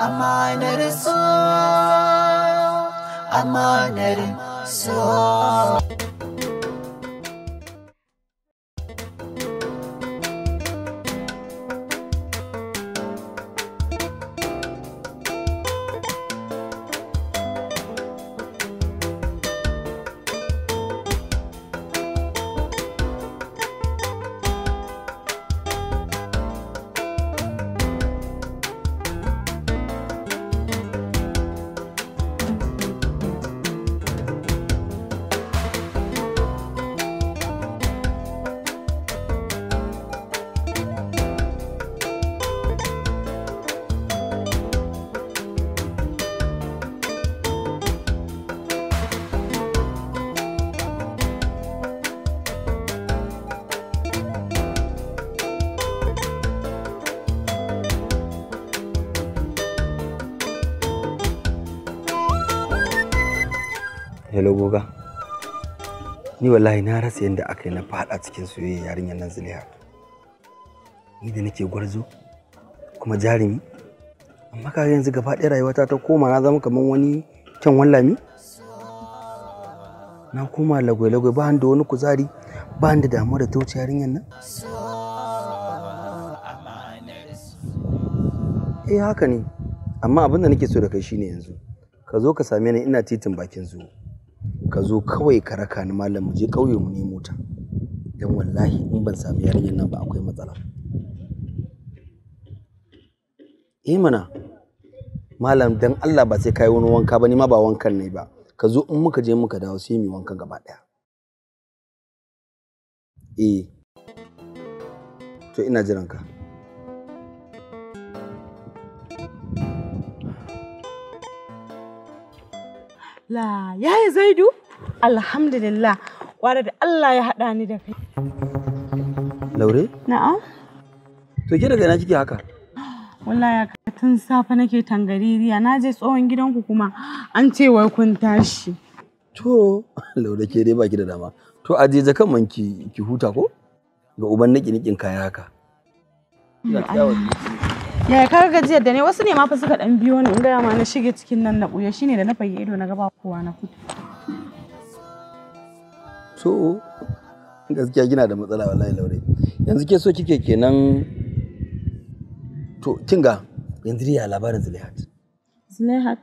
Amanar so, amanar so. hello goga ni wallahi na rasa yadda aka yi na fada cikin soyayya yarinyar nan zuliya ni da nake gwarzo kuma jarumi amma ka yanzu gaba ɗaya rayuwata ta koma na zama kamar wani kyan wallami na koma lagwai-lagwai ba da wani kuzari ba da damuwa da ta yarinyar nan eh haka ne amma abin da nake so da kai shine yanzu ka zo ka same ni ina titin bakin zuwa ka zo kawai ka raka ni malam mu je ƙauye mu nemo ta dan wallahi in ban sami yarinyar nan ba akwai matsala eh mana malam dan Allah ba sai kai wani wanka ba ni ma ba wankan ne ba ka zo in muka je muka dawo sai mu wanka gaba daya eh to ina jiran ka La, yaya Zaidu? Alhamdulillah, ware da Allah ya haɗa ni da kai. Laure? Na'am. To ke daga ina kike haka? Wallahi ya ka tun safe nake tangaririya, na je tsohon gidanku kuma an ce wai kun tashi. To, Laure ke dai baki da dama. To a je kan man ki ki huta ko? Ga uban naki nikin kaya haka. Ya ka ga jiyar da ne wasu ne ma fa suka dan biyo ni in ga ma na shige cikin nan na buya shine da na fage ido na gaba kowa na fito. so gaskiya kina da matsala wallahi laure yanzu ke so kike kenan to kinga yanzu ya labarin zulaihat zulaihat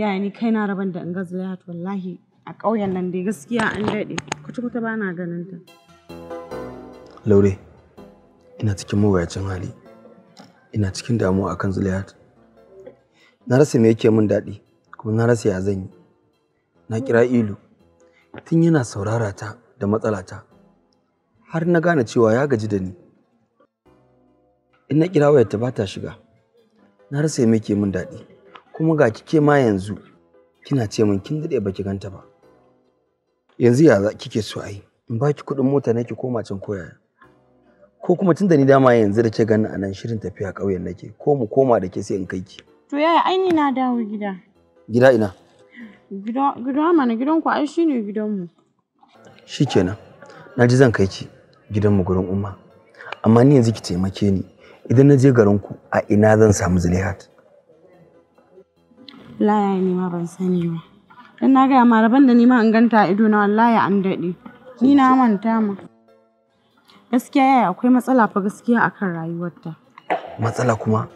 ya ni kai na raban da in ga zulaihat wallahi a ƙauyen nan dai gaskiya an daɗe kwata kuta ba na ganin ta laure ina cikin mawuyacin hali ina cikin damuwa akan zulaihat na rasa me yake min daɗi kuma na rasa ya zan yi na kira ilu tun yana saurara ta da matsala ta. har na gane cewa ya gaji da ni in na kira wayarta ba ta shiga na rasa ya muke min daɗi kuma ga kike ma yanzu kina ce min kin daɗe baki ganta ba yanzu ya kike so ai in baki kuɗin mota nake koma can koyaya ko kuma tun da ni dama yanzu da ke gani a nan shirin tafiya ƙauyen nake ko mu koma da ke sai in kai ki. To yaya aini na dawo gida. Gida ina? gidan mana gidanku ai shine gidan mu shikenan na ji zan kai ki gidanmu gurin umma. Amma ni yanzu ki taimake ni idan na je garin ku, a ina zan samu Zulihat. Laya ne ma ban sani ba. Dan na gaya ma rabon da ni ma an ganta ido na wallahi an dade Ni na manta ma. Gaskiya yaya akwai matsala fa gaskiya akan rayuwarta. Matsala kuma?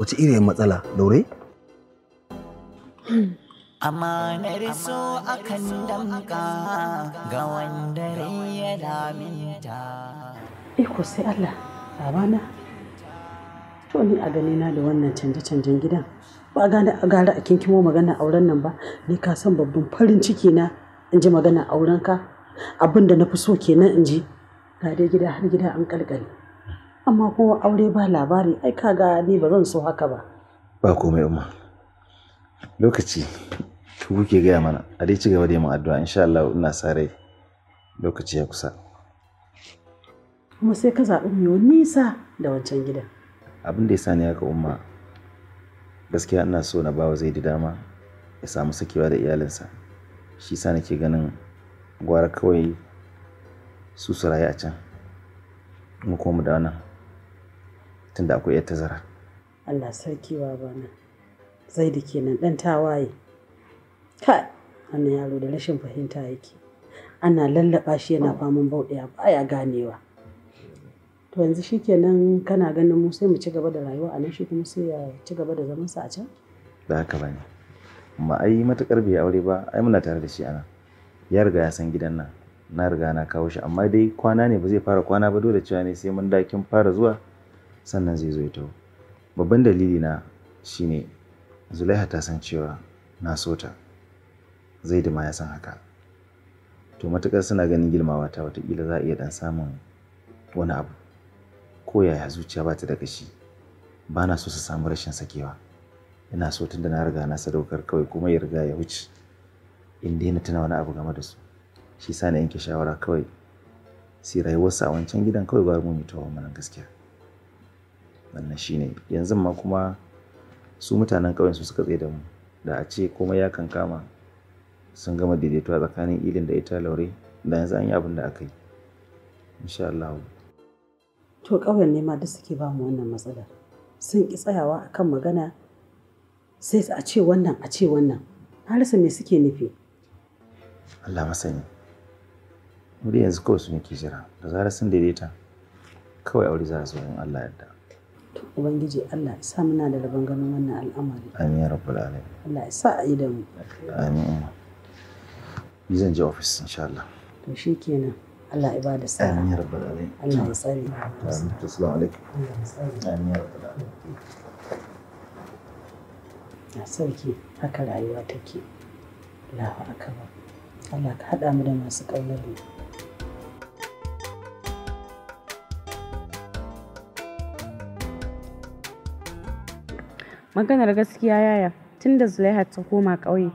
Wace irin matsala, Daure? Amanar so akan damka ga wanda ya laminta. Iko sai Allah, babana. To ni a ganina da wannan canje-canjen gidan. Ba gane a gara a kinkimo magana auren nan ba, ni ka san babban farin ciki na in ji magana auren ka. Abin da na fi so kenan in ji. Ga dai gida har gida an kalkale. Amma kuma aure ba labari, ai kaga ni ba zan so haka ba. Ba komai umma. Lokaci ku ke gaya mana a dai ci gaba da yin addu'a insha Allah ina sa rai lokaci ya kusa kuma sai ka zaɓi mai nisa da wancan gidan abin da ya sa ni haka umma gaskiya ina so na bawa zai dama ya samu sakewa da iyalinsa shi sa nake ganin gwara kawai su su a can mu kuma mu da wannan tunda akwai yar tazara Allah sarki wa bana zai da kenan dan tawaye Kai, ana yaro da rashin fahimta yake. Ana lallaba shi yana oh. faman bauɗaya baya ganewa. To yanzu shikenan kana ganin mu sai mu ci gaba da rayuwa a nan shi kuma sai ya ci gaba da zaman sa a can? Ba haka bane. Amma ai matakar bai aure ba, ai muna tare da shi ana. Ya riga ya san gidan nan. Na riga na kawo shi amma dai kwana ne ba zai fara kwana ba dole cewa ne sai mun dakin fara zuwa sannan zai zo ya taho. Babban dalili na shine Zulaiha ta san cewa na so ta. zaidu ma ya san haka to matukar suna ganin girmawa ta watakila za a iya dan samun wani abu ko yaya zuciya ba ta da kashi ba na so su samu rashin sakewa ina so tunda na riga na sadaukar kawai kuma ya riga ya wuce in daina tana wani abu game da su shi sa na yanke shawara kawai si rayuwarsa a wancan gidan kawai gwara mu mutawa mana gaskiya wannan shine yanzu ma kuma su mutanen ƙauyen su suka tsaye da mu da a ce komai ya kankama sun gama daidaituwa tsakanin ilin da ita laure da yanzu an yi abin da aka yi insha Allah to ƙauyen ne ma da suke ba mu wannan matsalar sun ki tsayawa akan magana sai a ce wannan a ce wannan na rasa me suke nufi Allah masani muri yanzu kawai sun nake jira da zarar sun daidaita kawai aure za su yin Allah yadda to ubangiji Allah ya sa muna da rabon ganin wannan al'amari amin Ya rabbul alamin Allah ya sa a yi da mu amin ni zan je ofis insha Allah to shikenan Allah ya ba da sa'a amin ya da alamin Allah ya tsare amin assalamu alaikum Allah ya tsare amin rabbal alamin na sarki haka rayuwa take Allahu akbar Allah ka hada mu da masu kaunar mu maganar gaskiya yaya tun da zulaiha ta koma ƙauye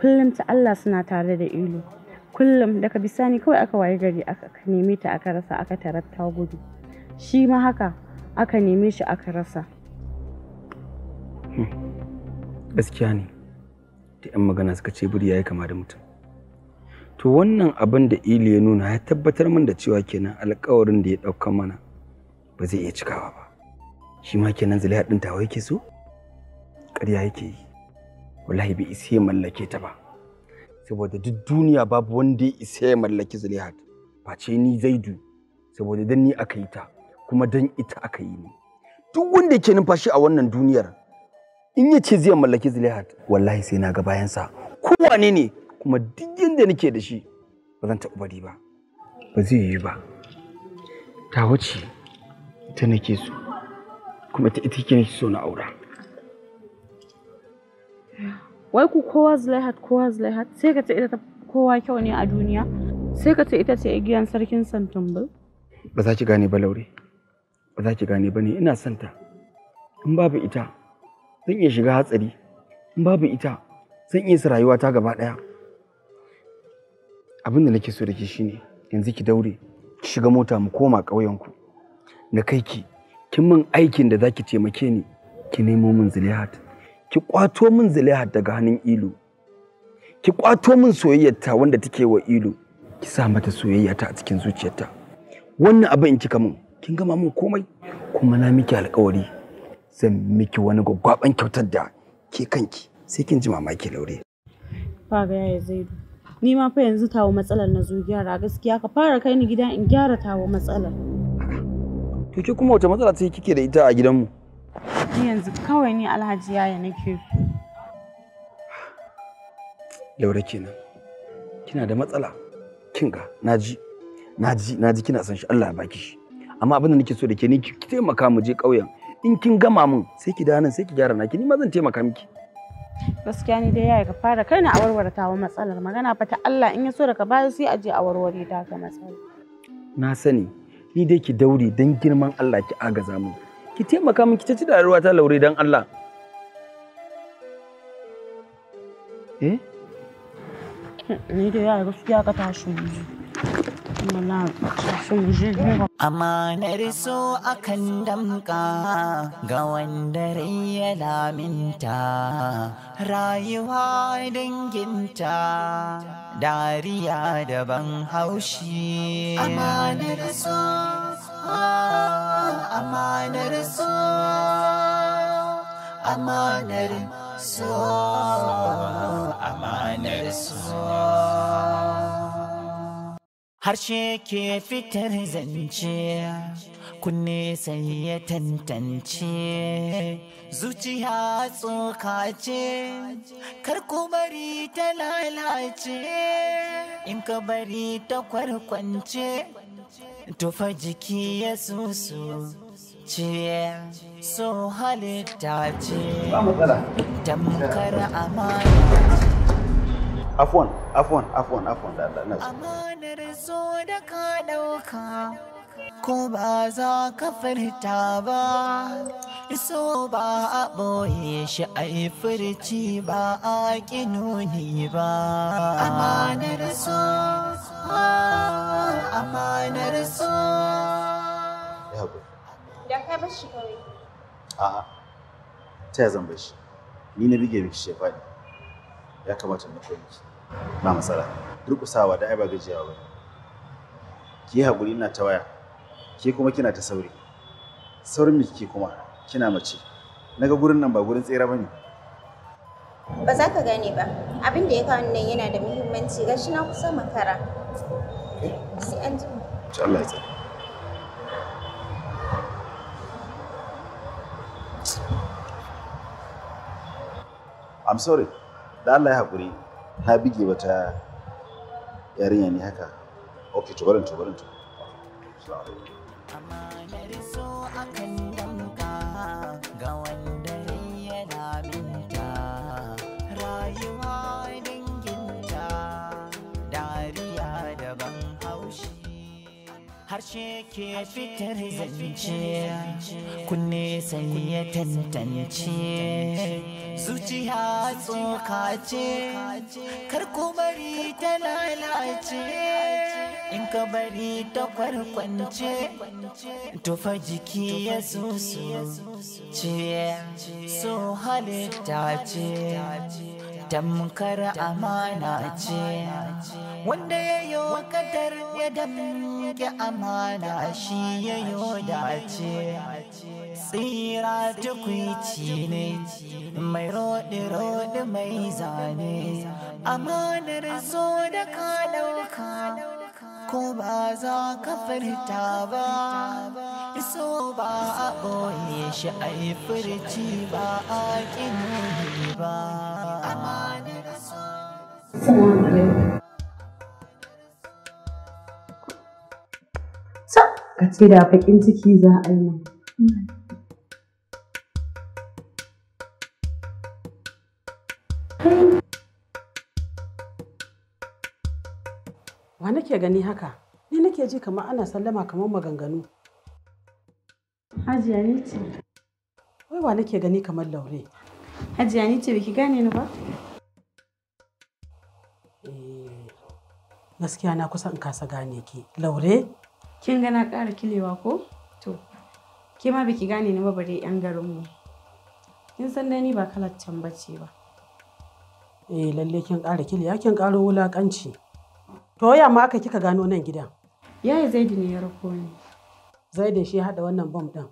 kullum ta Allah suna tare da ilu kullum daga bisani kawai aka waye gari aka neme ta aka rasa aka tarata gudu shi ma haka aka neme shi aka rasa hmm. gaskiya ne da 'yan magana suka ce buri ya kama da mutum to wannan abin da ili ya nuna ya tabbatar min da cewa kenan alkawarin da ya ɗauka mana ba zai iya cikawa ba shi ma kenan zulaiha ɗin tawa yake so ƙarya yake yi wallahi bai isa ya mallake ta ba saboda duk duniya babu wanda ya isa ya mallaki zulihat face ni zaidu saboda dan ni aka yi ta kuma dan ita aka yi ni duk wanda yake numfashi a wannan duniyar in yace zai mallaki Zulihad. wallahi sai na ga bayansa kowane ne kuma duk yanda nake da shi ba zan taɓa bari ba ba zai yi ba ta wuce ta nake so kuma ta ita ke so na aura wai ku kowa zulaihat kowa zulaihat sai ka ce ita ta kowa kyau ne a duniya sai ka ce ita ce igiyan sarkin santumbul ba za ki gane ba laure ba za ki gane ba ne ina son ta in babu ita zan iya shiga hatsari in babu ita zan iya su ta gaba daya abin da nake so da ke shine yanzu ki daure ki shiga mota mu koma ƙauyenku na kai ki kin min aikin da za ki taimake ni ki nemo min zulaihat ki kwato min zulaiha daga hannun ilu ki kwato min soyayyarta wanda take wa ilu ki sa mata soyayyata a cikin zuciyarta wannan abin in kika min kin gama min komai kuma na miki alƙawari, zan miki wani gwaggwaban kyautar da ke kanki sai kin ji mamaki laure ba ga yaya zai ni ma fa yanzu tawo matsalar na zo gyara gaskiya ka fara kai ni gida in gyara tawo matsalar to ki kuma wata matsala ce kike da ita a gidanmu yanzu kawai ni alhaji yaya nake laura kenan kina da matsala kin ga naji naji naji kina son shi Allah ya baki shi amma abin da nake so da ke ni ki taimaka mu je ƙauyen in kin gama min sai ki dawo nan sai ki gyara naki ni ma zan taimaka miki gaskiya ni dai yaya ka fara kaina a warware tawa matsalar magana fa ta Allah in ya so da ka bayar sai a je a warware ta ka matsala na sani ni dai ki daure dan girman Allah ki agaza min ki taimaka min ki ta ci da ruwa ta laure dan Allah eh ni da gaskiya ka Amanar so akan damka ga wanda ya laminta rayuwa danginta dariya ban haushi. Amanar so amanar amanar amanar harshe ke fitar zance kunne sai ya tantance zuciya tsoka ce kar bari ta lalace in ka bari ta kwarkwance tufa jiki ya susu ce so halitta ce damkara amana afon afon afon afon da amanar so da ka dauka ko ba za ka farta ba so ba a boye shi a yi furci ba a nuni ba amanar so amanar so da ka bar shi kawai a'a ta ya zan shi ni na bige miki shefa ne. ya kamata na koyi ki ba matsala usawa da ai ba gajiyawa ba ki haƙuri na ta waya ke kuma kina ta sauri saurin miki kuma kina mace naga gurin nan ba gurin tsira bane ba za ka gane ba abin da ya kawo nan yana da muhimmanci gashi na kusa makara sai an ji insha Allah ya I'm sorry. Da Allah ya haƙuri, ta bige wata yarinya ne haka. Okay, to to barin barin to assalamu alaikum harshe ke fitar zance kunne sai ya tantance zuciya tsoka ce karku bari ta lalace in ka bari ta kwarkwance tufa jiki ya susu so halitta ce tamkar amana ce wanda ya yi wakadar ya damke amana shi ya yi dace tsira tukwici ne mai roɗe-roɗe mai zane amanar zo da ka ɗauka ko ba za ka furta ba iso ba a ɓoye shi a yi furci ba a ƙinoni ba ka ce da faƙin ciki za a yi Wa nake gani haka? Ni nake ji kamar ana sallama kamar maganganu. Hajiya ne ce. Wai wa nake gani kamar laure? Hajiya ne ce biki gane ni ba? Eh, gaskiya na kusa in kasa gane ki. Laure? Kin gana ƙara kilewa ko? To, ke ma biki gane ni ba bare 'yan garinmu. Kin san dai ni ba kalar can bace ba. Eh lalle kin ƙara kilewa kin ƙaro wulaƙanci. To ya ma aka kika gano nan gidan? Yaya zaidi ne ya rako ni. Zaidin shi haɗa wannan bom ɗin.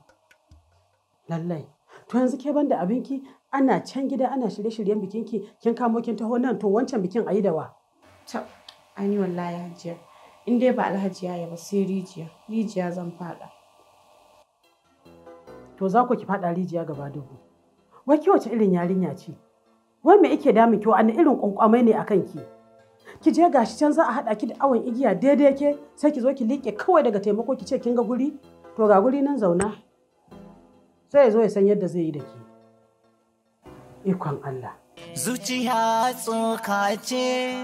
Lallai. To yanzu ke banda abinki ana can gida ana shirye-shiryen bikinki kin kamo kin taho nan to wancan bikin ayi da wa. ani wallahi hajiya. In dai ba alhaji ya ba sai rijiya. Rijiya zan fada. To za ku ki fada rijiya gaba dubu. Wai ki wace irin yarinya ce? Wai me yake damun ki wani irin kwankwamai ne akan ki? Ki je gashi can za a haɗa ki da awon igiya daidai ke sai ki zo ki liƙe kawai daga taimako ki ce kin ga guri? To ga guri nan zauna. sai ya zo ya san yadda zai yi da ke ikon Allah zuciya tsoka ce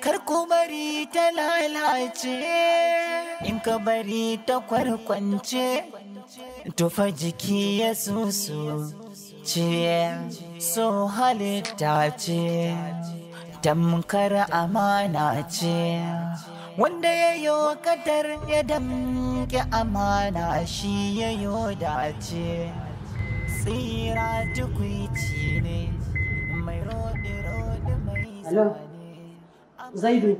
kar ku bari ta lalace in ka bari ta kwarkwance tufa jiki ya susu ce so halitta ce tamkar amana ce wanda ya wa kadar ya damke amana shi ya dace tsira tukwici ne mai rodi rodi mai zane Zaidu.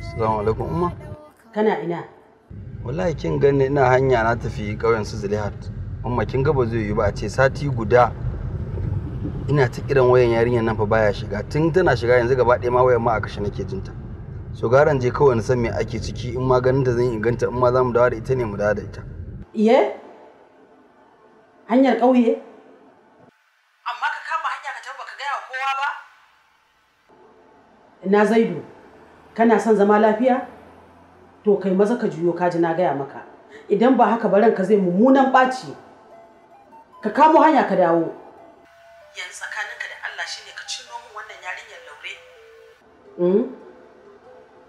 Assalamu alaikum umma. Kana ina? Wallahi kin gani ina hanya na tafi ƙauyen su Zulihat. Umma kin gaba zai yi ba a ce sati guda ina ta kiran wayan yarinyar nan fa baya shiga tun tana shiga yanzu gaba ɗaya ma wayan ma a kashe nake jinta. so garan je kawai na san me ake ciki in ma ganin ta zan inganta in ma za mu dawo da ita ne mu dawo da ita iye hanyar ƙauye amma ka kama hanya ka tabbata ka gaya kowa ba Ina zaidu kana son zama lafiya to kai maza ka juyo kaji na gaya maka idan ba haka ba ranka zai mummunan ɓaci ka kamo hanya ka dawo yanzu tsakaninka da Allah shine ka cinno mu wannan yarinyar laure mm?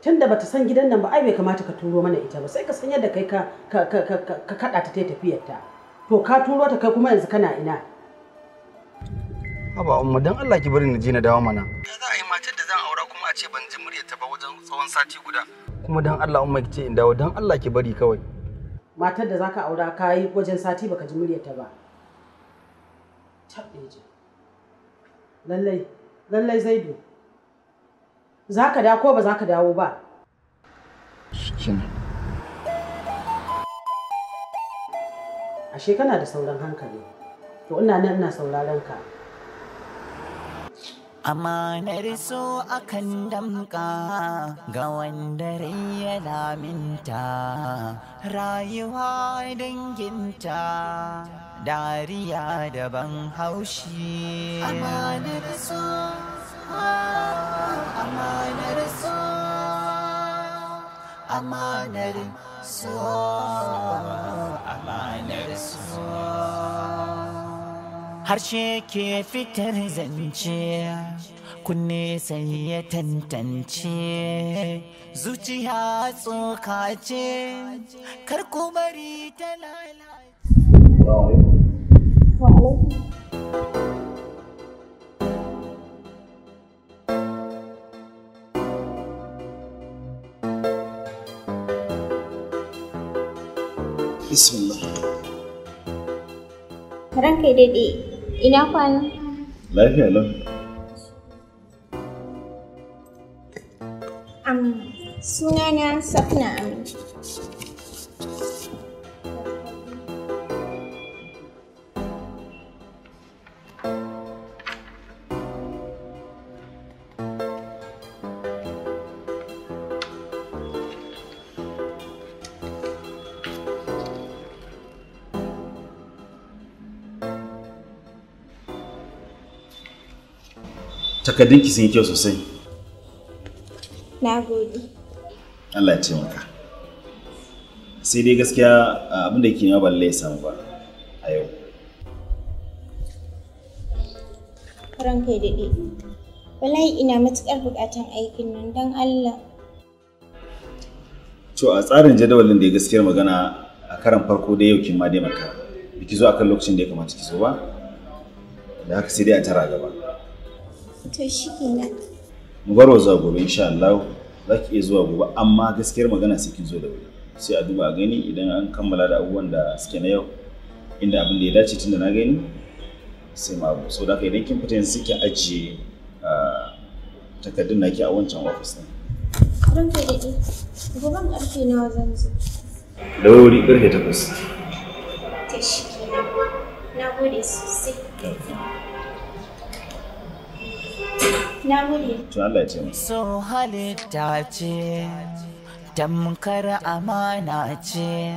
tun da bata san gidan nan ba ai bai kamata ka turo mana ita ba sai ka san yadda kai ka ka kada ta tai tafiyar ta to ka turo ta kai kuma yanzu kana ina Haba umma dan Allah ki bari na je na dawo mana za a yi matar da zan aura kuma a ce ban ji muryar ta ba wajen tsawon sati guda kuma dan Allah umma ki ce in dawo dan Allah ki bari kawai matar da zaka aura ka yi wajen sati baka ji muryar ta ba tabbe lallai lallai zaidu za ka dawo ko ba za ka dawo ba ashe kana da sauran hankali to ina nan ina sauraron ka riso a kan damka ga wanda ya laminta rayuwa danginta dariya daban haushi. na so amanar amanar amanar harshe ke fitar zance kunne sai ya tantance zuciya tsoka ce kar bari ta lalace ranka daɗe ina kwana lafiya lau suna sunana safna amin ki sun yi kyau sosai na gode Allah ya ce maka sai dai gaskiya abin da ke nema ba lallai samu ba a yau ranka ya daɗe wallahi ina matuƙar buƙatar aikin nan don Allah to a tsarin jadawalin da ya gaskiyar magana a karan farko da yau kin ma dai maka biki zo akan lokacin da ya kamata ki zo ba da haka sai dai a tara gaba To shi kenan. Mu bar wa zuwa gobe insha Allah za ki iya zuwa gobe amma gaskiyar magana sai kin zo da wuri. Sai a duba a gani idan an kammala da abubuwan da suke na yau inda abin da ya dace tunda na gani sai ma abu. So da haka idan kin fita yanzu ki ajiye takardun naki a wancan ofis ɗin. Ranka daɗi, goben ƙarfe nawa zan zo. Da wuri ƙarfe takwas. Ta shi kenan, na gode sosai. ce mu. So halitta ce, tamkar amana ce,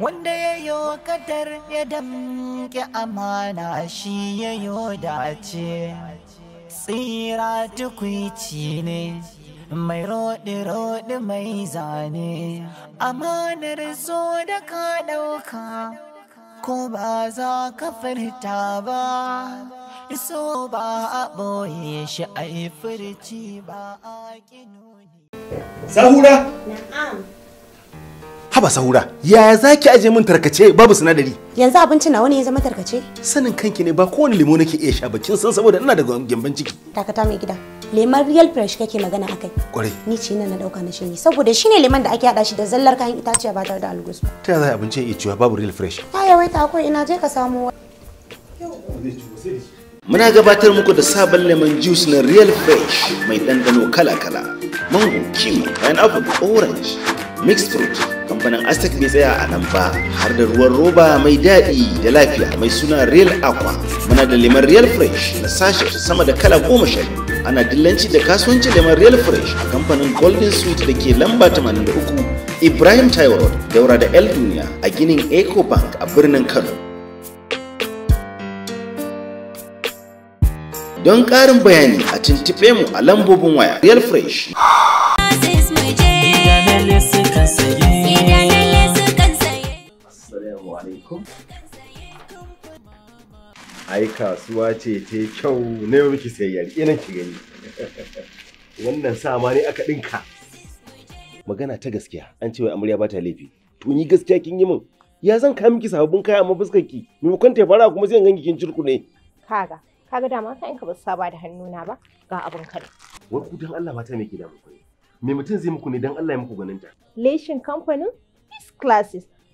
wanda ya yi kadar ya damke amana shi ya yi dace. Tsira tukwici ne, mai roɗi rodi mai zane, amanar so da ka ɗauka, ko ba za ka furta ba. iso ba a boye shi a yi furci ba a ƙinoni. Sahura? Haba sahura, yaya za ki aje min tarkace babu sinadari? Yanzu abinci na wani ya zama tarkace? Sanin kanki ne ba kowane lemo nake iya sha bakin san saboda ina da gyamban ciki. Takata mai gida, Leman real fresh kake magana akai. Kwarai. Ni ce na dauka na shinyi saboda shine leman da ake hada shi da zallar kayan itaciya ba tare da algus ba. Ta yaya abinci ya iya cewa babu real fresh? Ta yawaita akwai ina je ka samo. Yau. Zai ko sai da shi. Muna gabatar muku da sabon lemon juice na Real Fresh mai ɗanɗano kala-kala, mango, kiwi, pineapple, orange, mixed fruit. Kamfanin Aztec mai tsaya a nan ba har da ruwan roba mai daɗi da lafiya mai suna Real Aqua. Muna da lemon Real Fresh na sashe sama da kala goma sha Ana dillanci da kasuwanci lemon Real Fresh a kamfanin Golden Sweet da ke lamba 83 Ibrahim Taiwo Daura da El Duniya a ginin Eco Bank a birnin Kano. don ƙarin bayani a tuntuɓe mu a lambobin waya real fresh ai kasuwa ce ta kyau na yau miki sayayyar ina ki gani wannan sama ne aka dinka magana ta gaskiya an ce wai amarya ba ta laifi Tuni ni gaskiya kin yi min ya zan kai miki sababbin kaya amma fuskar ki maimakon ta fara kuma sai in ganki kin ne kaga kaga dama ka yanka ba su saba da hannuna ba ga abin kare Warku ku dan Allah mata ne ke da muku ne me mutum zai muku ne dan Allah ya muku ganin ta leshin kamfanin class classes